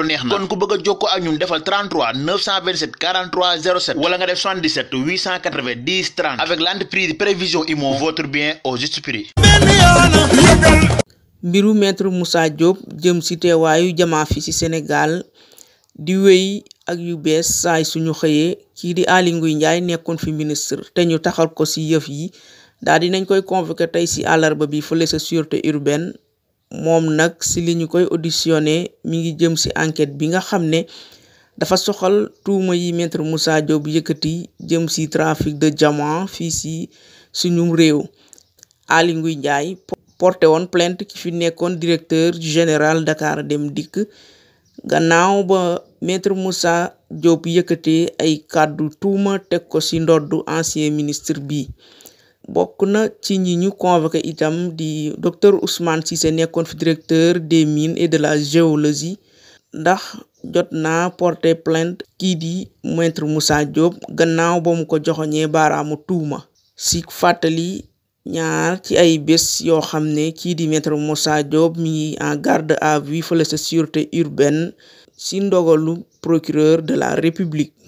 loolu neex na kon ku bëgg a jokkoo ak ñun defal 33 927 43 07 wala nga def 77 890 30 avec l'entreprise prévision immo votre bien au juste prix. mbiru maître Moussa Diop jëm ci teewaayu jamaa fi ci Sénégal di wéy ak yu bees saay suñu xëyee kii di Aly Ngouille Ndiaye nekkoon fi ministre te ñu taxal ko ci yëf yi daal dinañ koy convoqué tey ci àllarba bi fële sa sûreté urbaine moom nag si li ñu koy auditionné mi ngi jëm si enquête bi nga xam ne dafa soxal tuuma yi maître Moussa Diop yëkkati jëm si trafic de diamant fii si suñum réew Aly Ngouille Ndiaye porté woon plainte ki fi nekkoon directeur général Dakar Dem Dikk gannaaw ba maître Moussa Diop yëkkatee ay kàddu tuuma teg ko si ndoddu ancien ministre bi bokk na ci ñi ñu convoqué itam di docteur ci Cissé nekkoon fi directeur de mine et de la géologie ndax jot naa porté plainte kii di maître Moussa Diop gannaaw ba mu ko joxoñee baaraamu tuuma si fàttali ñaar ci ay bés yoo xam ne kii di maître Moussa Diop mi ngi en garde à vue fële sa sûreté urbaine si ndogalu procureur de la république